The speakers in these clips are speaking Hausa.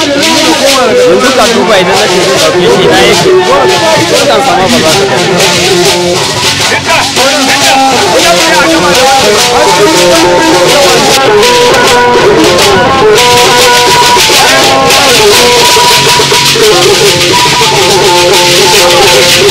你不打装备，那岂不是比起来？我我打什么不打？别打，别打，我叫你打什么？我叫你打什么？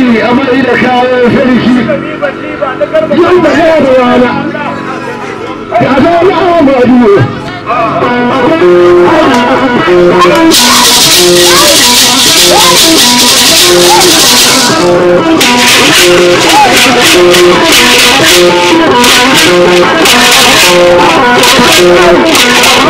addini a mai da kayan sarki yau da ya da rana ga zaune a wani Thank you.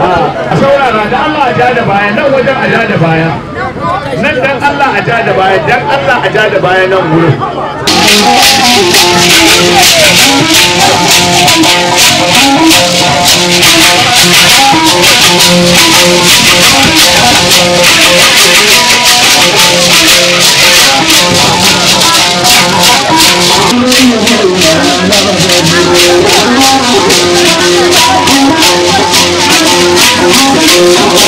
a saurara da Allah a ja da baya nan wajen a ja da baya nan dan Allah a ja da baya dan Allah a ja da baya nan wurin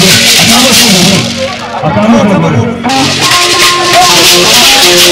Friday.